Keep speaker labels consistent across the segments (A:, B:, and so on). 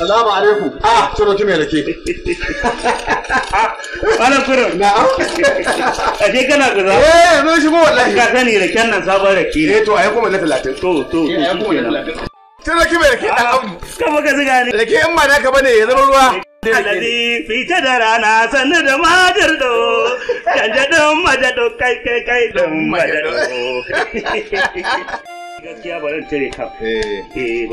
A: Salamu alaikum. Ah, ciro ki mai rake. Ana ciro. Na'am. Ashe kana gaza? Eh, mun shigo wallahi. Ka sani raken nan sabon rake. Eh to ai kuma da 30. To to. Eh, ai kuma na 30. ki rake dan abu. Kama ka zuga ni. Rake in ba naka bane ya zama ruwa. Alladhi fi da rana da madardo. Janjadon majado kai kai kai gaskiya eh. Eh, eh. biyu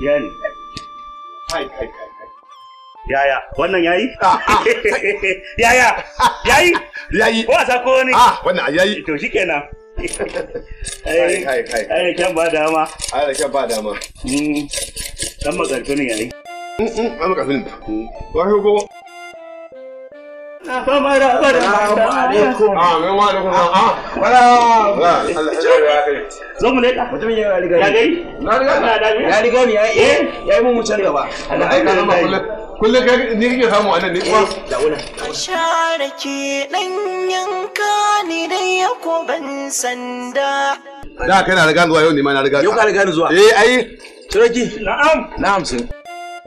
A: biyu na ya yaya wannan yayi ah, ah. yaya yayi yayi ko a sako ne ah wannan yayi to shikenan ai ai ai ai ba dama ai kan ba dama hmm. dan yayi Ano kafin da. Mm. Wahi ko. Assalamu alaikum. Ah, mai ah, ah. ya ya gari. Eh? Ya Ya yi gaba. kana ma ni samu eh, Da wala.
B: ki dan yanka ni ban sanda.
A: zuwa yau ne ma na riga. Yau ka riga zuwa. Eh ai. Turaki. Na'am. Na'am sun.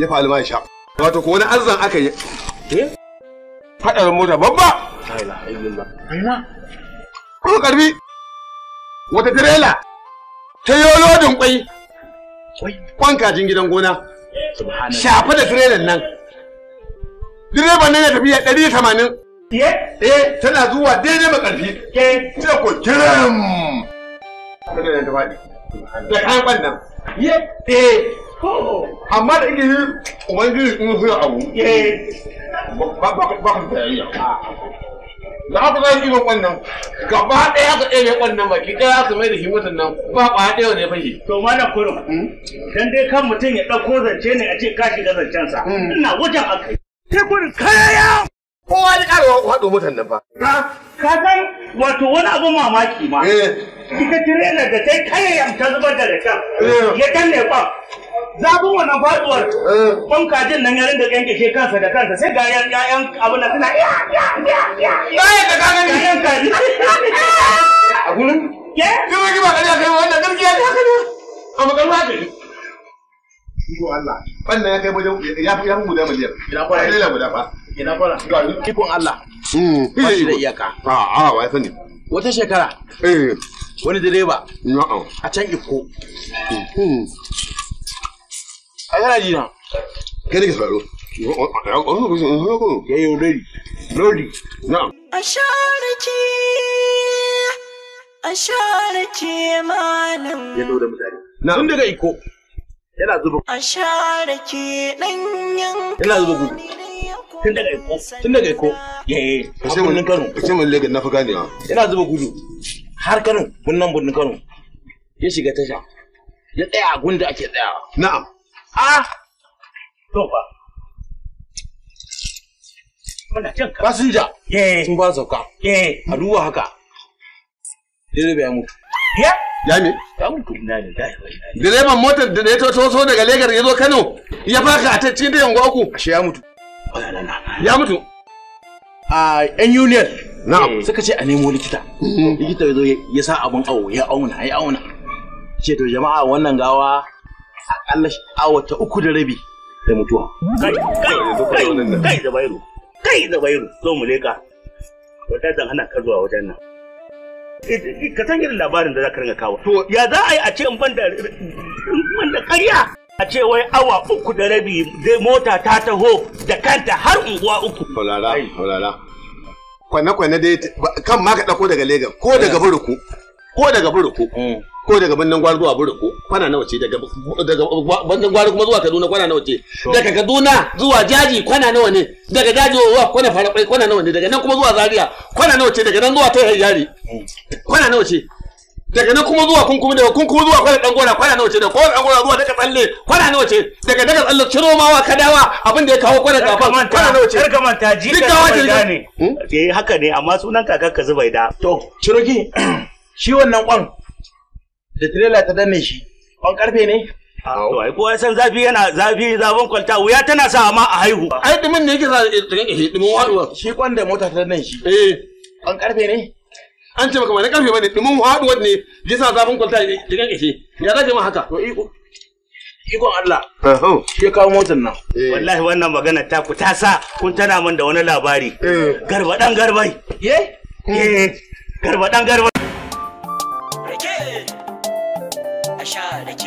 A: ya fa ya sha wato ko wani arzan aka yi eh? fadar mota babba amma ko karbi wata tirela ta yo lodin kwai kwan gidan gona shafa da tirelan nan direban nan ya tafiya 180 eh tana zuwa daidai makarfi eh sai ko kiram kada da faɗi da kan kwan nan eh amma da ingiji ubangiji in suya abu eh. ba ka tarayya na haka zai irin wannan gaba ɗaya ka ɗaya wannan baki ɗaya ka mai da shi mutum nan ba ƙwaya mana korang? Hmm? dan dai kan mutum ya ɗauko zance ne a ce ka shiga zancensa hmm. ina wajen akai. Tekun kaya kowa ya ƙara waɗo motar nan fa. Ka san wato wani abu mamaki ma. Eh. Ita tirelar da ta yi kayayyam ta zubar da rakan. Eh. Ya danne kwan. Zafin wannan faɗuwar eh. kwan kajin nan ya ringa ƙyanƙyashe kansa da kansa sai ga ƴaƴan abu na suna ya ya ya ya. Ba ya ka kaga ni. ƴaƴan kaji. A gurin? Ke? Kuma ki ba kaji a kai wannan gaskiya ne haka ne. A makarwa ka yi. Allah. Wannan ya kai wajen ya fi guda miliyar. Ya kwaya. Ya guda fa. Ina kwana. Ikon Allah. Mm. Ba shi da iyaka. A a wai sani. Wata shekara. Eh. Wani direba. Na'am. A can Iko. Mm. A yana ji Kai ne ka Ya yi rori. Rori. Na'am.
B: A sharaki. A sharaki malam.
A: Ya da mutane. Na. Tun daga Iko. Yana zuba.
B: A sharaki ɗanyen.
A: Yana zuba gudu. tun daga ko tun daga ko. yayi sai mun kano sai mun lega na fa gane yana zuba gudu har kano bunnan bunnan kano ya shiga tasha ya tsaya a gunda ake tsaya na'am ah to fa muna jan ka fasinja sun ba sauka a duba haka direba ya mutu ya ya me ya mutu na ne direban motar da ya to so daga legar ya zo kano ya faka a cikin da yango uku ashe ya mutu ya mutu a yan union na'am eh, suka ce a nemo likita mm. likita ya zo ya sa abin awo ya auna ya auna ce to jama'a wannan gawa akalla awa ta uku da rabi da mutuwa kai kai kai da bairu kai da bairu zo mu leka wata zan hana ka zuwa wajen nan eh, eh, ka san irin labarin da za ka ringa kawo to ya za a yi a ce in ban da karya? a ce wai awa uku da rabi mota ta taho da kanta har unguwa uku. Kwalala, kwalala. Kwane-kwane dai kan ma ka ɗauko daga Legas ko daga eh. Buruku ko daga Buruku eh. ko daga Bandan Gwari zuwa Buruku kwana nawa ce daga Bandan Gwari kuma zuwa Kaduna kwana nawa ce daga Kaduna zuwa Jaji kwana nawa ne daga Jaji zuwa kwana farafai kwana nawa ne daga nan kuma zuwa Zaria kwana nawa ce daga nan zuwa Toyar Yari eh. kwana nawa ce. daga na kuma zuwa kun kuma daga kun kuma zuwa kwana dan gona kwana nawa ce da kwana dan gona zuwa daga tsalle kwana nawa ce daga daga tsalle ciro mawa kadawa abin da ya kawo kwana kafa kwana nawa ce kar manta ji ka da ne hmm? eh haka ne amma sunan kakar ka zubai da to ciroki shi wannan kwan da trailer ta danne shi kwan karfe ne ah, To ai kowa san zafi yana zafi zafin kwalta wuya tana sa ma a haihu. Ai dumin ne yake sa dumin eh, eh, wadwa Shi kwan da mota ta danne shi. Eh. Kwan karfe ne? an ce maka ba na karfe bane dumin haduwar ne sa zafin kwalta ya kankashe ya zafi ma haka iko ikon Allah ke kawo motar nan eh. wallahi wannan magana ta ku ta sa kun tana min da wani labari eh. garba dan garbai ye eh, garba dan garbai rake
C: a sha rake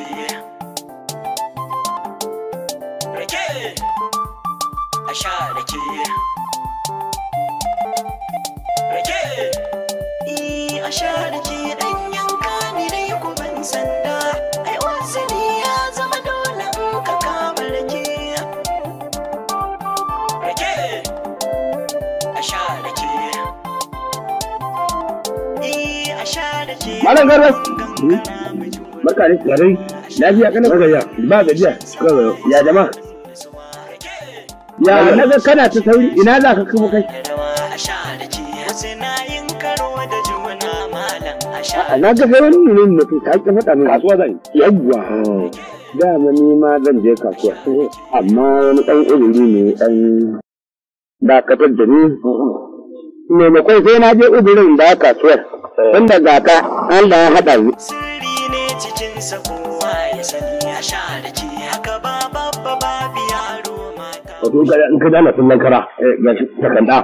A: Malam Garba. Hmm? Barka ne. Lafiya kana ya. Ba gajiya. Ya Ya naga kana ta sauri ina za ka kuma kai. Na ga kai wani ne mutum ka ka min kasuwa zan yawwa. Ah. Dama ni ma zan je kasuwa. Amma wani ɗan ilimi ne ɗan dakatar da ni. Maimakon sai na je ubirin da kasuwar. Wanda gaka Allah ya haɗa yi.
B: Sirri ne cikin sa kowa ya sani ya sha da ce haka ba babba
A: babu yaro mata. Wato kada in ka dana sun lankara ga eh, takanda.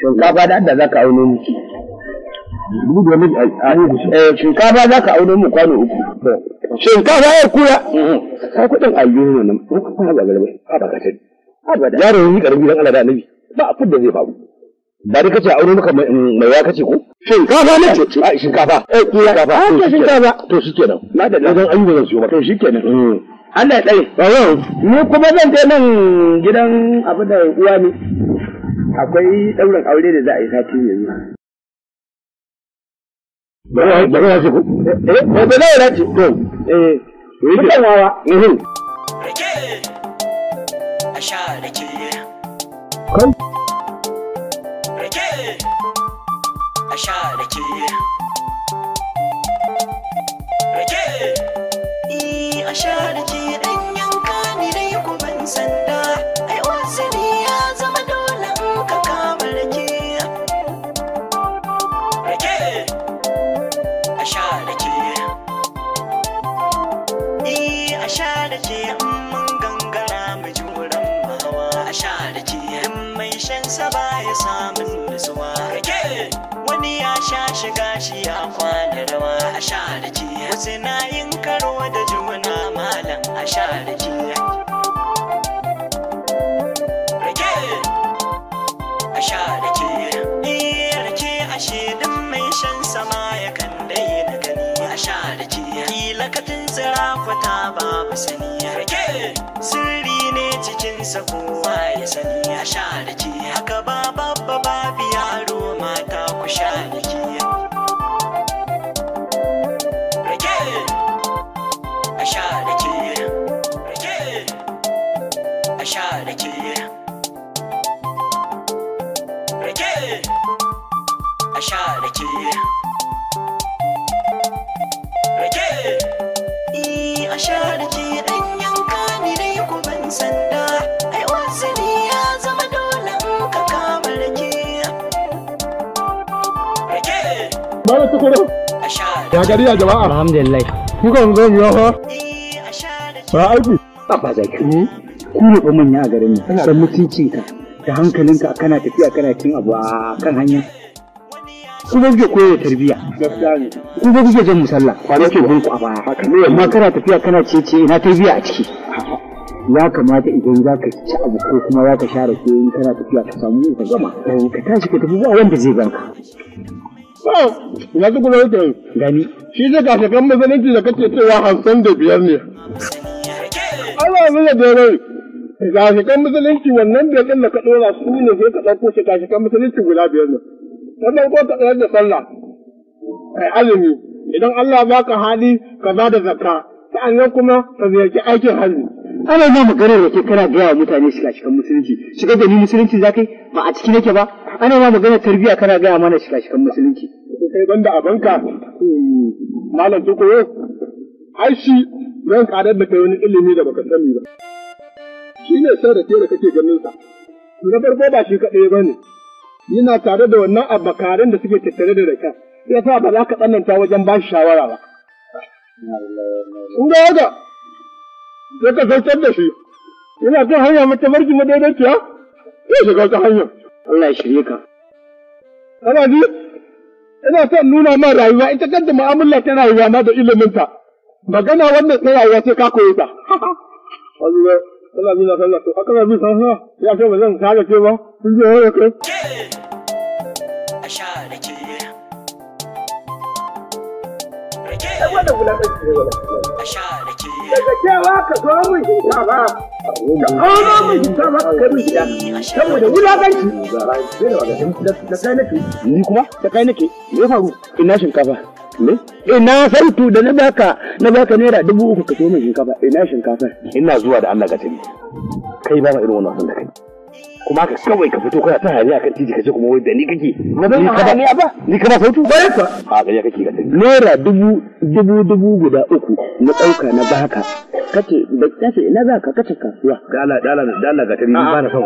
A: Shinkafa da da za ka auno mu. Eh, eh, shinkafa za ka auno mu kwano uku. Shinkafa ya kura. Ka kuɗin aljihu ne nan. Ba ka fara garba. Ba ka tari. Yaro ne karbi don Allah da annabi. Ba a da zai faru. ba da kace aure maka mai ya kace ko shinkafa ne ce a shinkafa eh shinkafa a ah, shinkafa to shikenan na da dan ayyuka zan siyo maka to shikenan mm. Mm. Allah ya tsare ni kuma zan je nan gidan abin da uwa ne akwai daurin aure da za a yi sati yanzu Bari ya ce ku? Eh, ba ba ya ce. To, eh, mutan wawa. Rike,
C: a sha rike. Kai. a rake
B: rake eh a sha rake dan yanka ni dai ku ban sanda ai wasiri ya zama dole in ka kama rake
C: rake a sha rake
B: eh a sha rake mun gangara mu juran mawa a sha rake mai shan baya samun nutsuwa rake wani ya sha shiga shi ya kwana rawa a sha da rake wasu na yin karo da juna malam a sha rake rake a sha rake rake a mai shan sama ya kan dai a sha da jiya kila ka tuntsira kwata babu sani rage sirri ne cikin sa kowa ya sani a sha da jiya haka ba babba babu yaro
C: mata ku sha da jiya rage a sha da jiya rage a sha da jiya rage a sha da jiya
B: a dan yanka dai ku ban sanda ai ya zama dole in ka kama
A: ya gari ya jama'a alhamdulillah eh, eh? ku kan zo ba aiki ba zaki ku ne manya a garin nan san mutunci ka da hankalinka kana tafiya kana cin abu a kan hanya ku ba kuke koyo tarbiyya ku ba kuke jan musalla Kwanaki ke bunku a baya amma kana tafiya kana cece ina tarbiyya a ciki ya kamata idan za ka ci abu ko kuma za ka share ko in kana tafiya ka samu ka gama ka tashi ka tafi ba wanda zai ganka ah, ina duk wani da gani shi zai kasa kan masalanci da kake cewa hamsin da biyar ne Allah zai da rai kan musulunci wannan biyar ɗin da ka ɗora su ne sai ka ɗauko shi kan musulunci guda biyar ne. ta farko ka tsayar da sallah kai azumi idan Allah ya baka hali ka ba da zakka sa'annan kuma ka ziyarci aikin hajji ana zo maganar da ke kana gaya wa mutane shiga cikin musulunci shiga da ni musulunci za kai ba a ciki nake ba ana ma maganar tarbiyya kana gaya mana shiga cikin musulunci kai banda abanka malam tukoyo ai shi zan karar da kai wani ilimi da baka sani ba shi ne sai da ke da kake ganin sa na farko ba shi kaɗai ba ne yana tare da wannan abakarin da suke tattare da raka ya sa ba za ka tsananta wajen ba shi shawara ba. Kun ga haka, sai ka sautar da shi, yana kan hanya mata marji madaidaiciya, ya shiga ta hanya. Allah ya shirye ka. Ana ji, ina son nuna ma rayuwa, ita kanta mu'amala ta rayuwa ma da iliminta. Magana wannan ta rayuwa sai ka koyi ta. Allah. sallah biyu na sallah to haka biyu san sa ya ce ba zan kare ke ba kun je
C: wanda wala daga cewa ka zo mun
B: hita ba ka kawo mun hita ba
C: ka kai
A: mun da kai nake ni kuma da kai nake me faru ina shinkafa Ina eh, sautu da na baka na baka naira dubu uku ka mai shinkafa ina eh, shinkafa. Ina zuwa da Allah ka tafi. Kai ba ma irin wannan wasan da kai. Kuma ka kawai ka fito kana ta hali akan titi ce kuma wai da ni kake. Ba zan ka ni ba. Ni kana sautu? Bare ka. A gari kake ka tafi. Naira dubu dubu dubu guda uku na dauka na baka. Kace da kace ina za ka kace kasuwa. Da dala da ga da ka ni ba na son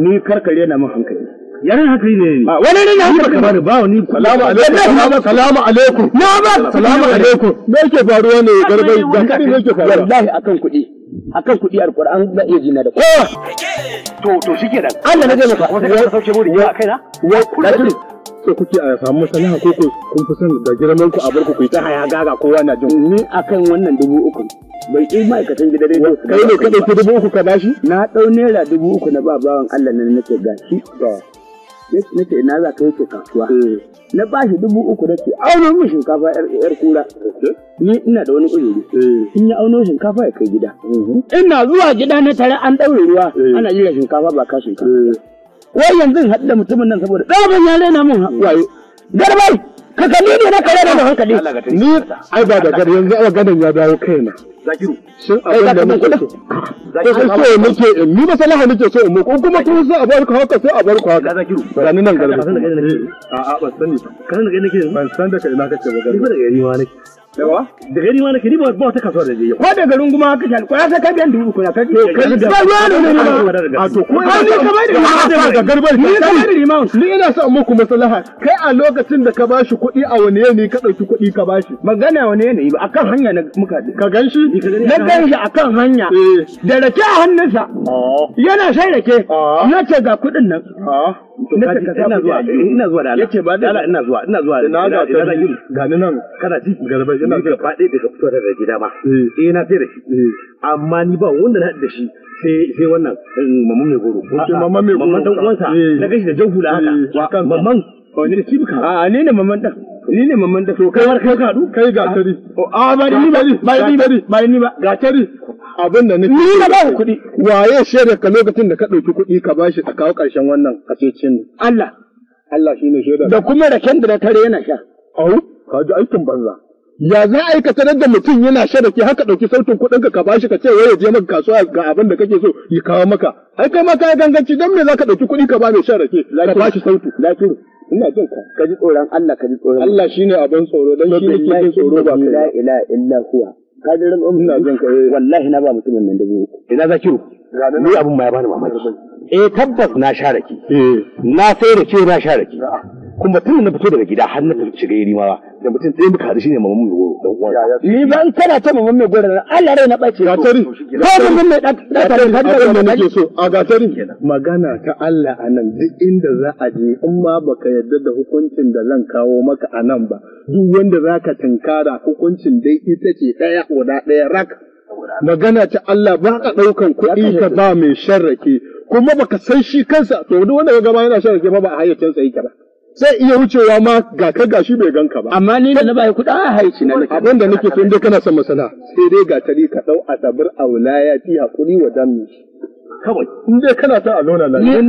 A: Ni karkare na mun hankali. yaran haka ne a ah, wani ne na haka bani ba wani salamu alaikum salamu alaikum na ba salamu alaikum me yake faruwa ne garbai ga kadi ne yake faruwa wallahi akan kuɗi akan kuɗi alquran da iya jina da ko eh! to to shikenan Allah na ga maka wata ya sauke burin ya kaina ya kullu so kuke a samu masalaha ko ko kun fi son da girman ku a bar ku ku ta haya gaga kowa na jin ni akan wannan dubu uku bai yi ma'aikatan gida dai kai ne ka dauki dubu uku ka bashi na dau naira dubu uku na ba bawan Allah nan nake gashi na ce ina za ka yake kasuwa eh. na ba shi dubu uku da ke auno min shinkafa yar kura ni ina da wani ƙuri eh. in ya auno shinkafa ya kai gida mhm. ina zuwa gida na tare an ɗaure ruwa eh. ana jira shinkafa ba ka shinkafa wai yanzu in haɗu da mutumin nan saboda ban ya rena min wayo garbai ka gani ne na kare da hankali ni ai ba da gar yanzu a ganin ya dawo kaina shin abin da nake so
C: sai so nake
A: ni ba salaha nake so mu ko kuma kun sai a barku haka sai a barku haka ga ni nan garba a a ban sani ban san da kai na kace ba garba ni ba da gari ma nake yawa da gari ma nake ni ba wata kasuwar da zai ko da garin kuma haka kan ko sai kai biyan dubu kuna kai ka kai da ruwa ne ne a to ko an ka bai da ma da garbar ni bai da ma ni ina son muku maslaha kai a lokacin da ka bashi kuɗi a wani yanayi ka dauki kuɗi ka bashi magana wani yanayi ba akan hanya na muka ka ganshi na ganshi akan hanya da rake a hannunsa ah. yana shan rake ah. na ce ga kuɗin nan ah. ina zuwa ina zuwa da eh, yake ba da ina zuwa ina zuwa ina ga ta ga ni nan kana ji garba ina ga fadi da fito da gida ba eh, eh na fere shi eh. amma ni ba wanda na da shi sai sai wannan mamman mai goro ko mamman mai goro mamman dan uwansa na gashi da jan haka mamman wani da a ne ne mamman dan ni ne mamman da to kai kai gadu kai gatari a ba ni ba ni ba ni ba gatari abin da nufi ni na ba kuɗi waye shaida ka lokacin da ka ɗauki kuɗi ka bashi a kawo ƙarshen wannan ne. Allah Allah shine shaida da kuma raken da na tare yana sha au ka ji aikin banza ya za a yi ka sanar da mutum yana sha da ke haka ɗauki sautin kuɗin ka bashi ka ce wai ya je maka kasuwa ga abin da kake so ya kawo maka ai kai ma ka ganganci dan me za ka ɗauki kuɗi ka ba mai sha rake ka bashi sautu lafiya ina jin ka ka ji tsoron Allah ka ji tsoron Allah shine abin tsoro dan shi ne ke tsoro ba kai la ilaha illa huwa ka ji ran ina jin ka wallahi na ba mutumin nan dubu ina za kiro ni abun ma ya bani mamaki eh tabbas na sha rake eh. na sai rake na sha rake kuma tun na fito daga gida har na shiga yiri ma da mutum ɗaya muka shi shine mamman mai goro da uwan ni in kana ta mamman mai goro na Allah rai na bace ga tari ko mamman mai da da har da nake so a ga tari magana ta Allah anan duk inda za a je in ma baka yarda da hukuncin da zan kawo maka anan ba duk wanda zaka tunkara hukuncin dai ita ce ɗaya guda daya rak magana ta Allah ba ka ɗaukan kuɗi ka ba mai sharrake kuma baka san shi kansa to duk wanda ya gama yana sharrake ba ba a hayyacinsa yake ba zai iya wucewa ma ga ka gashi bai ganka ba. Amma ni da na bai kuɗa a haici na nake. Abin da nake so inda kana son masana. Sai dai ga tari ka ɗau a sabar a wulaya fi haƙuri wa dami. Kawai. In dai kana son a nuna lafiya.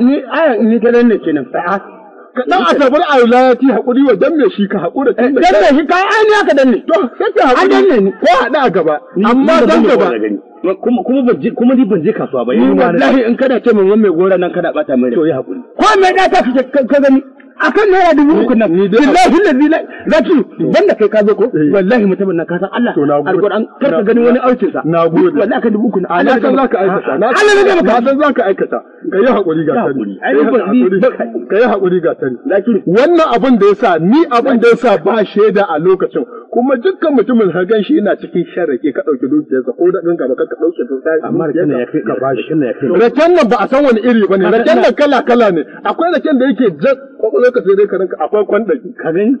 A: Ni a ni ganin ne kenan. ka a asabar a fi haƙuri wa dan me shi ka haƙura tun da eh, dan shi kai ai ne aka ne. to sai ka A danne ne ko hada a gaba amma dan gaba kuma kuma ban je kuma ni ban je kasuwa ba wallahi in kada ce min wani mai gora nan kada bata mai to yi haƙuri. ko me ɗata ka gani akan naira dubu uku nan billahi lazi la zaki banda kai ka zo ko eh. wallahi mutumin nan ka san Allah alquran kar ka gani wani aucin sa nagode wallahi akan dubu uku nan Allah san zaka aikata Allah ne maka san zaka aikata kai hakuri ga sani kai hakuri ga sani wannan abin da yasa ni abin da yasa ba shaida a lokacin kuma dukkan mutumin hagan shi yana cikin sharaki ka ɗauki dukiyarsa ko da ɗinka ba ka ɗauke dukiyarsa amma raken nan ya fi ka bashi raken nan ba a san wani iri ba ne raken nan kala kala ne akwai raken da yake jan kwakwalwar ka sai dai ka ranka akwai kwandaki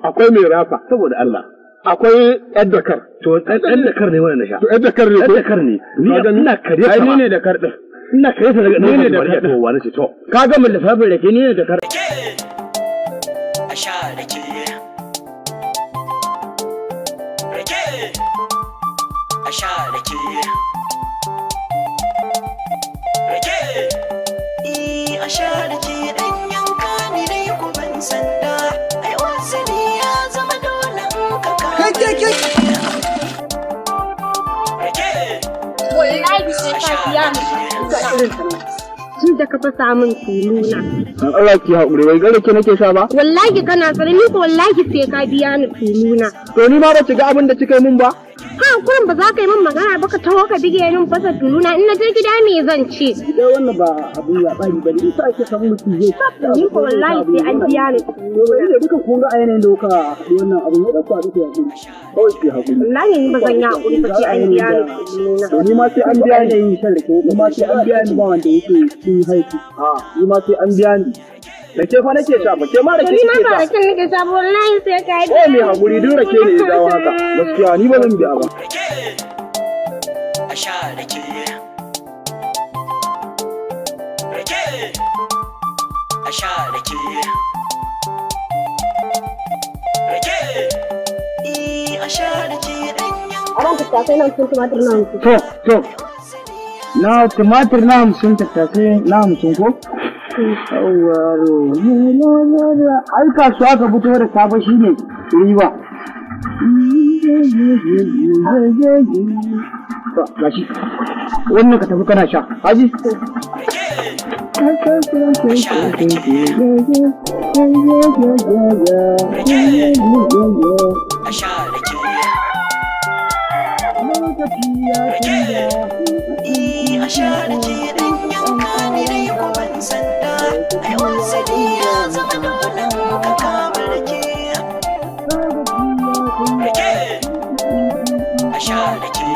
A: akwai mai rafa saboda Allah akwai dakar. To dakar ne wannan sha. To dakar ne. Ɗaddakar ne. Ni ina kare ka Ai ne da kar din. Ina kare ta daga ne da kar to wani ce to. Ka ga mun lissafin rake ne da kar.
C: A sha rake. sha rake
B: rake eh a sha rake dan yanka ni dai ku ban sanda ai wazini ya zama dole ka ka rake wallahi sai ka biya ni tun
A: da ka fasa min kuluna. An Allah ki haƙuri wai gare nake sha ba? Wallahi kana tsare ni ko wallahi sai ka biya ni kuluna. To ni ma ba ci ga abin da kai yi min ba? Ha kurin ba za ka yi min magana ba ka taho ka bige min fasa tuluna in na je gida me zan ce dai wannan ba abu ya bari bane ita ake san mutu zai ni ko wallahi sai an biya ni ne duka kun ga ayyana da kuka wannan abu ne da ku duka ya kuma kawai ki hakuri wallahi ni ba zan yi hakuri ba sai an biya ni to ni ma sai an biya ni ni ma sai an biya ni ba wanda yake cin haiki Ha ah. ni ma sai an biya ni Da ke fa nake sha ba ke ma da ke kike sha. Ni ma ba rakin nake sha ba wallahi sai ka yi. Eh me hakuri duk rake ne ya dawo haka. Gaskiya ni ba zan
C: biya ba. A sha rake. Rake. A sha rake. Rake.
B: Eh a sha rake nan sun
A: tumatir na hamsin. tumatir na hamsin tattasai na hamsin ko? sauraro da kasuwa ka fito da safe shi ne riba gashi wannan ka tafi kana sha haji
B: a sha da ke ɗan yanka. sanda ai wasu diya zama da muka kama rake rake a sha rake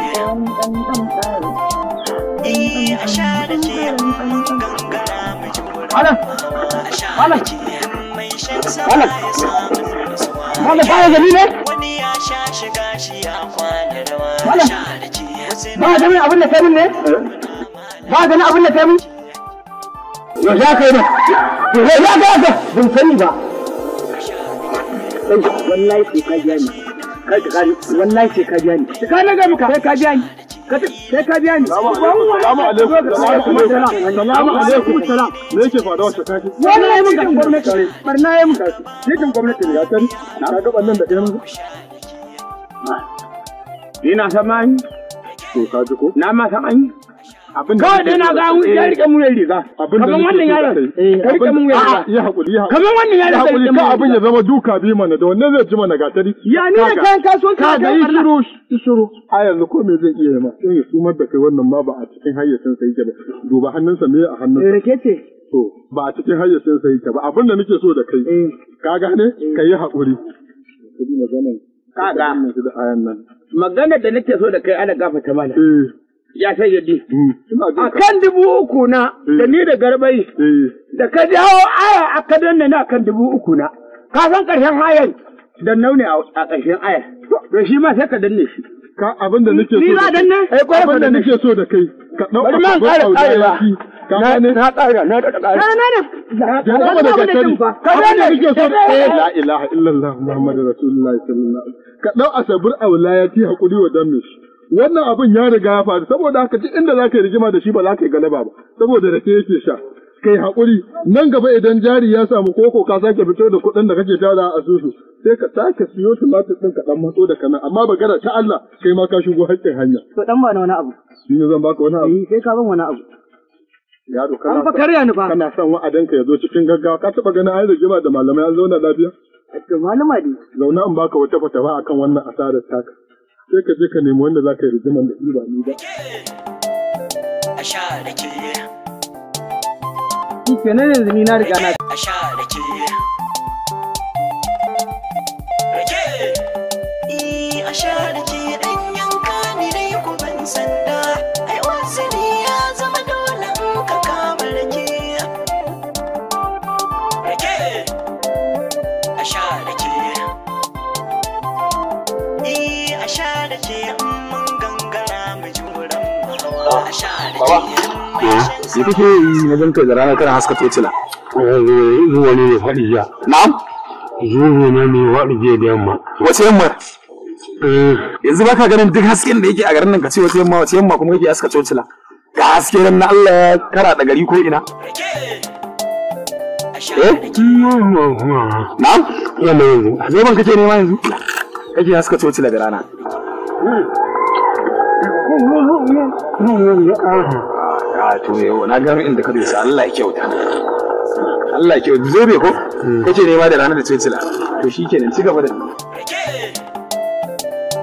B: eh a sha rake gangara mai jimura a sha rake mai shan sama ya samu nutsuwa wani ya sha shiga shi ya kwana
A: rawa a sha
B: rake ba ganin abin da kai ne
A: ba ganin abin da yi. ya za ka yi da ya za ka haka ban sani ba wallahi sai ka biya ni kai ka kare wallahi sai ka biya ni ka na ga muka sai ka biya ni sai ka biya ni salamu alaikum salamu alaikum salam me yake faruwa tsakanin wallahi mun ga gwamnati barna yayin muka ah. shi ne ga tan na ina samani to ka ji na ma samani kawai dai na ga ya rike mun kaman wannan yaron ka rike mun ya hakuri ya kaman wannan yaron ka rike mun abin ya zama duka bi da wannan zai ji mana gatari ya ni da a yanzu ko me iya ma in ya sumar da kai wannan ba a cikin hayyacin sai ke ba duba hannunsa me a hannunsa eh, rike ba a cikin hayyacin sai ke ba abin da nake so da kai eh. ka gane eh. ka yi hakuri da nake so da kai ana gafata mana ya yadi. A kan dubu uku na hmm. da ni da garbai hmm. da ka jawo aya a kadan na kan dubu uku na. Ka san ƙarshen hayan. da nauni a ƙarshen aya. Da shi ma sai ka danne shi. Ka abin da nake so. da kai. Eh, abin da nake so da kai. Ka ɗau a babban auda Na na ƙara na da ƙara. Na na
B: da. Da na da gaskari. Ka abin da nake so da
A: kai. Eh. La ilaha illallah Muhammadu Rasulullahi sallallahu alaihi wasallam. Ka ɗau asabur aulayati haƙuri wa damme shi. wannan abin ya riga ya faru saboda haka duk inda za yi rigima da shi ba za ka yi galaba ba saboda da ke yake sha kai haƙuri nan gaba idan jari ya samu koko ka sake fito da kuɗin da kake tara a asusu sai ka sake siyo tumatir ɗin ka ɗan matso da kana amma ba gara ta Allah kai ma ka shigo haƙƙin hanya. To ɗan ba wani abu. Shi ne zan baka wani abu. Sai eh, ka ban wani abu. Yaro kana fa karya ni ba. Kana son wa'adanka ya zo cikin gaggawa ka taɓa ganin ai rigima da malamai an zauna lafiya. To malama dai. Zauna in baka wata fatawa akan wannan asarar taka. sai ka je ka nemi wanda za ka yi rijiman da ba ni ba.
C: A sha da ke.
A: Ni yanzu ni na riga na.
C: A sha da ke. Eh, a sha da ke
B: yanka ni dai ku ban sanda.
C: Baba.
A: kake yi na ganka da rana kana haska tocila? Eh, eh, eh, zuwa ne mai faɗi jiya. Na'am? Zuwa ne mai faɗi jiya da yamma. Wace yamma? Yanzu ba ka ganin duk hasken da yake a garin nan ka ce wace yamma wace yamma kuma kake haska tocila. Ga haske nan na Allah ya kara da gari ko ina. Eh? Na'am? Yamma yanzu. Zai ban kake nema yanzu? Kake haska tocila da rana. na gano inda ka dosa Allah ya kyauta Allah ko kace ne ma da ranar da tsitsila to shikenan ci gaba da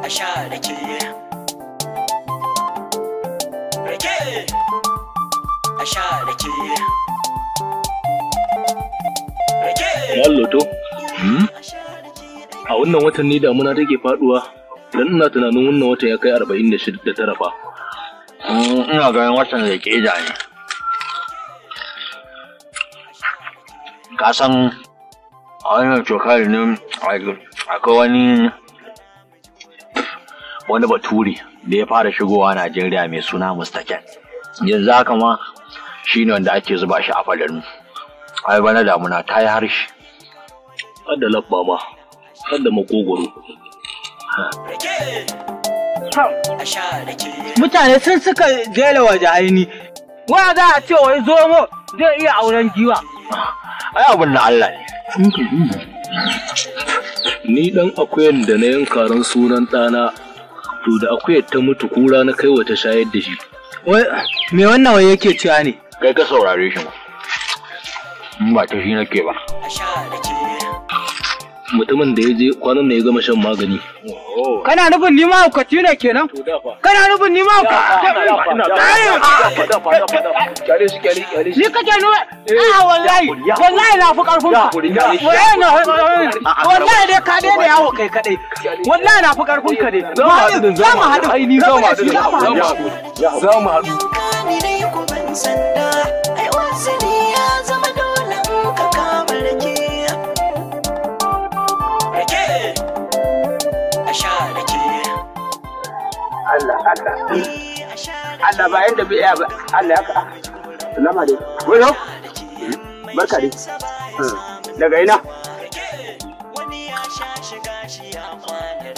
C: a sha a to
A: a wannan watan ne damuna take faduwa dan ina tunanin wannan watan ya kai arba'in da shida tara fa mm, ina ganin watan da ke da ne ka san a wannan cokali ne akwai wani wani baturi da ya fara shigowa Najeriya mai suna Mustaken. Yanzu haka ma shi ne wanda ake zuba shi a fadanu. Ai bana damuna ta yi harshe. Adda labba ma, hadda makogoro.
C: Mutane sun suka jela waje aini. Wa za a ce
A: wai zomo zai iya auren giwa. Ai abin na Allah ne. Ni dan akuyan da na yanka ran sunan ɗana to da akuyar ta mutu kura na kai wata shayar da shi. Wai, Me wannan wai yake cewa ne? Kai ka saurare shi ba. Ba ta shi nake ba. A sha da ke. mutumin da ya je kwanan da ya gama shan magani. Kana nufin ni ma ka ne kenan? Kana nufin ni ma A wallahi, wallahi na fi ka. Wallahi dai ka dai da yawo kai kadai. Wallahi na fi karfin ka dai. Za mu haɗu. Allah Allah Allah ba yanda bai ba Allah ya ka Salamu alaikum Wano hmm. barka dai hmm. daga ina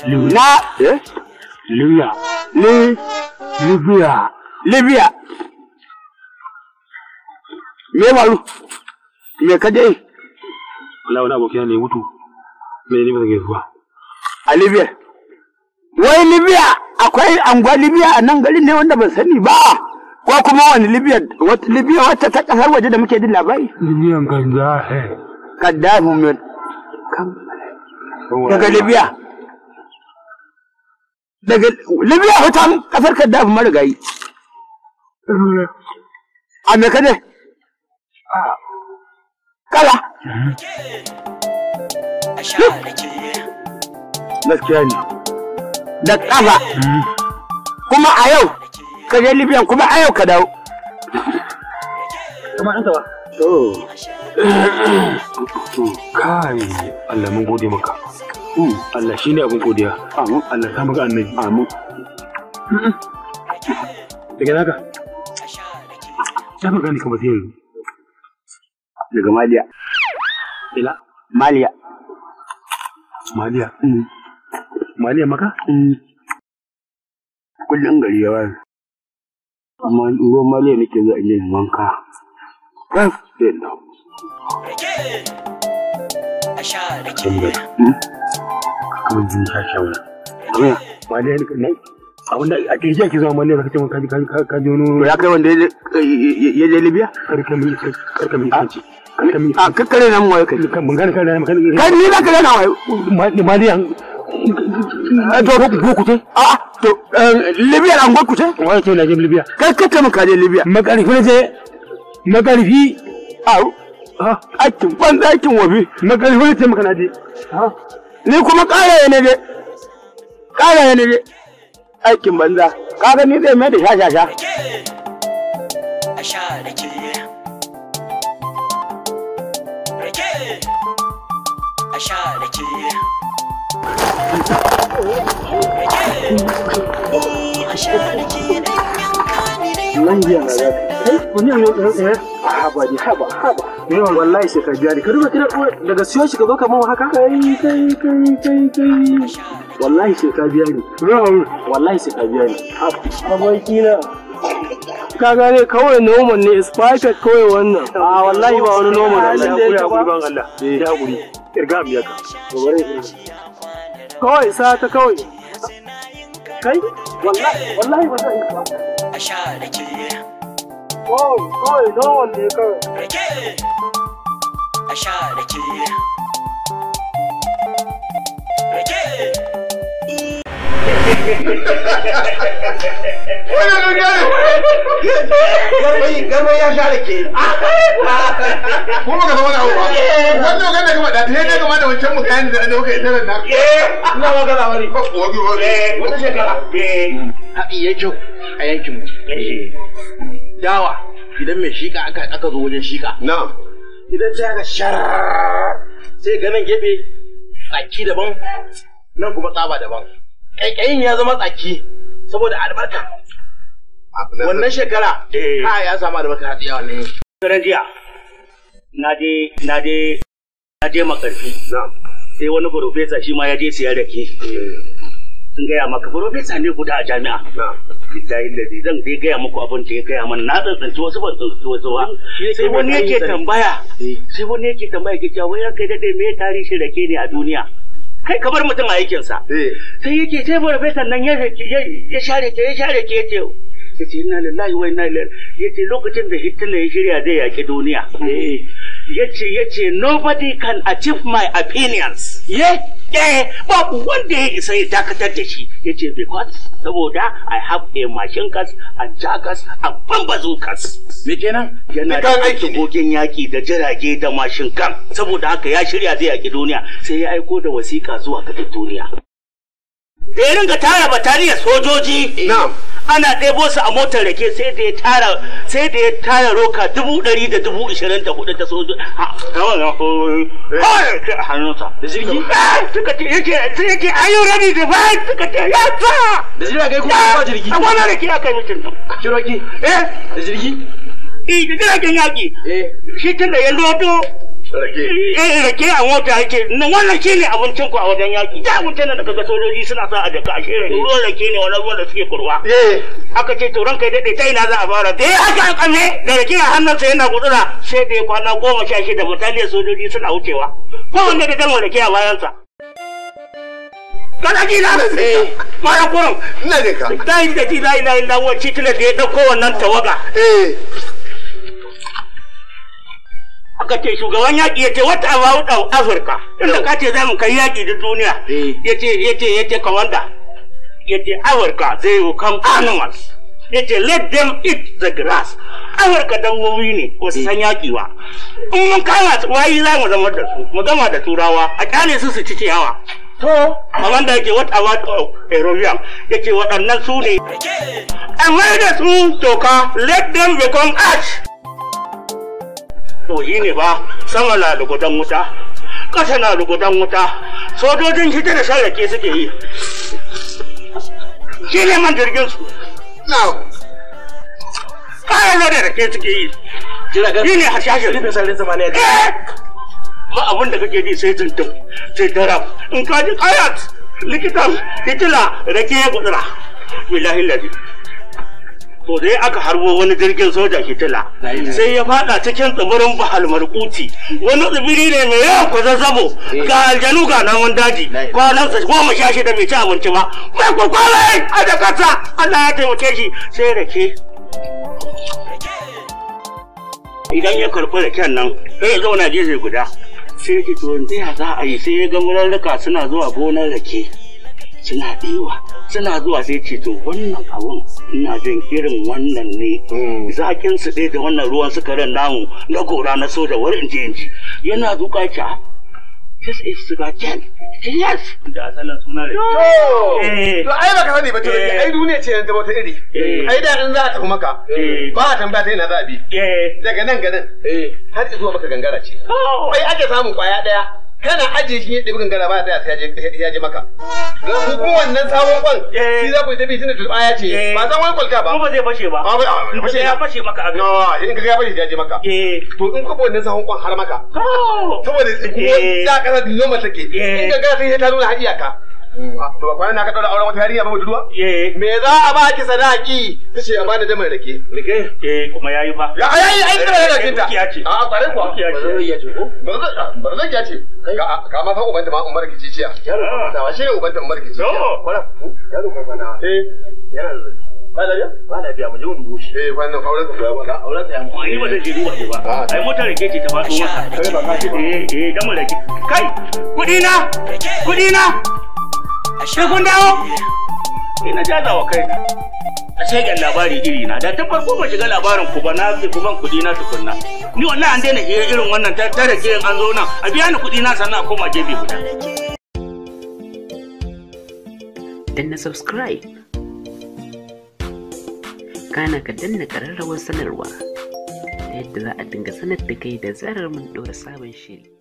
A: Luna eh Luna ni Libya Libya me maru me ka Allah wani abokin ne mutu me ne ba zuwa a Libya wai Libya akwai anguwa libya a nan garin ne wanda ban sani ba ko kuma wani libya wata libya wata ta kasar waje da muke din labari he kaddafu gaddafi mai daga libya daga libya hutan kasar kaddafu marigayi a me kade kala gaskiya ne da kafa kuma a yau ka je libyan kuma a yau ka dawo kuma an gaba kai Allah mun gode maka hmm, Allah shine abin godiya amin Allah ta maka annabi amin daga naka ta maka ni kamar yanzu daga maliya ila maliya maliya mm. maliya maka? Mm. Kullum gari ya wani. Amma ruwan maliya nake zuwa inda ah, A sha hmm? jin ne Ya kai wanda A kakkare na Kan ni to a to libya an na libya ka je libya makarfi je makarfi a aikin ban aikin wabi makarfi na je ni kuma karaye ne je ne je aikin banza kaga ni zai mai da sha
C: sha sha
A: nan biya na za
B: ɗan
A: eh, haba ne haba haba yawan eh, wallahi ka ka duba kira daga siyo shi kamar haka
B: kai kai
A: kai kai kai wallahi ka biya ne wallahi ka biya ne aboki na ka gane kawai noman ne
B: kawai wannan a ah, wallahi ba wani noman ya ban Allah
A: eh, ya gobe
B: kawai isa ta kawai kai wallahi wallahi ba zai
C: a sha rake
B: wow kawai
A: don wanne kawai
C: rake a sha rake rake
B: garba ya
A: ke zama da ka da da ta ne kuma da wancan mu kayan da dauka ita da na ina ba gaza wata shekara a iya kyau a yankin mu dawa idan mai shika aka zo wajen shika na'am idan ta ga shara sai ganin gefe tsaki daban nan kuma tsaba daban ƙaiƙayin ya zama tsaki saboda albarka wannan shekara ta eh. ya samu albarka hadiya wannan shekaran jiya na je na je na je makarfi sai wani farofesa shi ma ya je siyar da ke eh. in gaya maka farofesa ne guda a jami'a billahi lazi zan dai gaya muku abin da ya gaya mana na tsantsanci wasu ban tsantsanci wasu ba eh.
C: sai wani yake tambaya
A: sai wani yake tambaya ke cewa wai kai dade me tarihi rake ne a duniya kai ka bar mutum a sa eh. sai yake sai farfesan nan ya share ke ya share ke ya ce ya ce ina lillahi wa ina ilaihi ya ce lokacin da Hitler ya shirya zai yaki duniya eh. ya ce ya ce nobody can achieve my opinions yeah eh babu wanda ya isa ya dakatar da shi ya ce because saboda I have a machine cars a jagas a bambazo cars me kenan yana da aiki yaki da jirage da mashin kan saboda haka ya shirya zai yaki duniya sai ya aiko da wasiƙa zuwa ga duniya da ya ringa tara batariyar sojoji na'am ana ɗebo su a motar rake sai da ya tara sai da ya tara roka dubu ɗari da dubu ishirin da hudu ta sojo ha eh. a hannunsa da jirgi eh, suka ce yake sai yake are you ready to fight suka ce yes da jirgi kai kuma ba eh, jirgi a wannan rake aka yi mutum kiroki eh da jirgi eh da jiragen yaƙi eh shi tun da ya lodo
B: Eh
A: rake a mota yake nan wannan ne abincin ku a wajen yaki. Da abincin nan da kaga sojoji suna sa a jaka a shirin ruwan rake ne wannan ruwan da suke kurwa. aka ce to ranka dade ta ina za a fara. Da ya haka kame da rake a hannunsa yana gudura sai da kwana goma sha shida mutane sojoji suna wucewa. Ko wanda da dan rake a bayan sa. ji na eh mara kurum ina da ka dai da ji la ilaha illa huwa titila da ya dauko wannan tawaga eh aka ce shugaban yaƙi ya ce wata about Africa Inda ka ce za mu kai yaƙi da duniya eh. ya ce ya ce ya ce kawanda. ya ce Africa they will come animals ya ce let them eat the grass Afirka dangobi ne ko su san eh. yaƙi ba. In mun kama su wayi za mu zama da su, mu gama da turawa, a kyale su su ci ciyawa. To, amma da yake what about Ya ce waɗannan su ne. Amma da su toka, let them become ash. kogi ne ba sama na lugudan wuta ƙasa na lugudan wuta sojojin hita da shallake suke yi shi ne man jirgin su kayan lodar da ke suke yi shi ne hashashin rufe sararin samaniya ma eh! abin da kake ji sai tuntun sai taraf in ka ji kayat likitan hitila rake ya gudura billahi lafiya to dai aka harbo wani jirgin soja fitila sai ya fada cikin tsibirin bahal markuti wani tsibiri ne mai yawan kwazazzabo ga aljanu ga namun daji kwanansa goma sha shida bai ci abinci ba mai kwakwalai a jakarta allah ya taimake shi sai rake idan ya karɓi raken nan sai ya zauna jeje guda sai ce to za a yi sai ya ga murarruka suna zuwa gonar rake suna dewa suna zuwa sai ce to wannan abun ina jin irin wannan ne hmm. zakin su ɗaya da wannan ruwan suka ran namu na gora na soja wurin inji inji yana zuƙa ki ah, this is sugar ken yes da asalin suna da eh. to ai baka sani ba to eh. ai duniya ce da wata iri eh. ai da in za ta kuma ka. ba a tambaya ta ina za a bi daga nan ga nan har zuwa maka gangara ce oh. ai ake samun kwaya daya kana ajiye shi ya ɗabi gangara ba ta ya je maka Ga ku kuma wannan sabon kwan eh. shi za ku yi tafi tunda tulɓa ya ce eh. ba san wani kwalta ba ba zai fashe ba fashe ya fashe maka abin no in ka ya fashe ya je maka eh. to in ku wannan sabon kwan har maka saboda tsinkuwar da ƙasa da noma ke. in gangara sai ta nuna har ka. To ba na ka daura auren wata yarinya ba budurwa? Eh. Me za a ba ki sadaki? Tace a bani damar rake. Rake? Eh kuma yayi fa. Ya ai ai da rake ta. Dukiya ce. A'a kwarai kuwa. Dukiya ce. Bazai ya ce ko? Bazai ya ce. Ka ma fa uban ta ma umar ki ciciya. Yaro ta wa shi uban ta umar ki ciciya. Kwarai. Yaro ka fana. Eh. Yana da ba ba ba ta kai ba ka na Ashe kun dawo? Ni na jaza wa kaina. Ashe ga labari iri na da tabbar ko ba shiga labarin ku ba na ku ban kuɗi na tukunna. Ni wannan an daina hira irin wannan ta tare ke an zo nan a biya ni kuɗi na sannan a koma gefe guda.
B: na subscribe. Kana ka danna ƙararrawar sanarwa ta yadda za a dinga sanar da kai da zarar mun ɗora sabon shiri.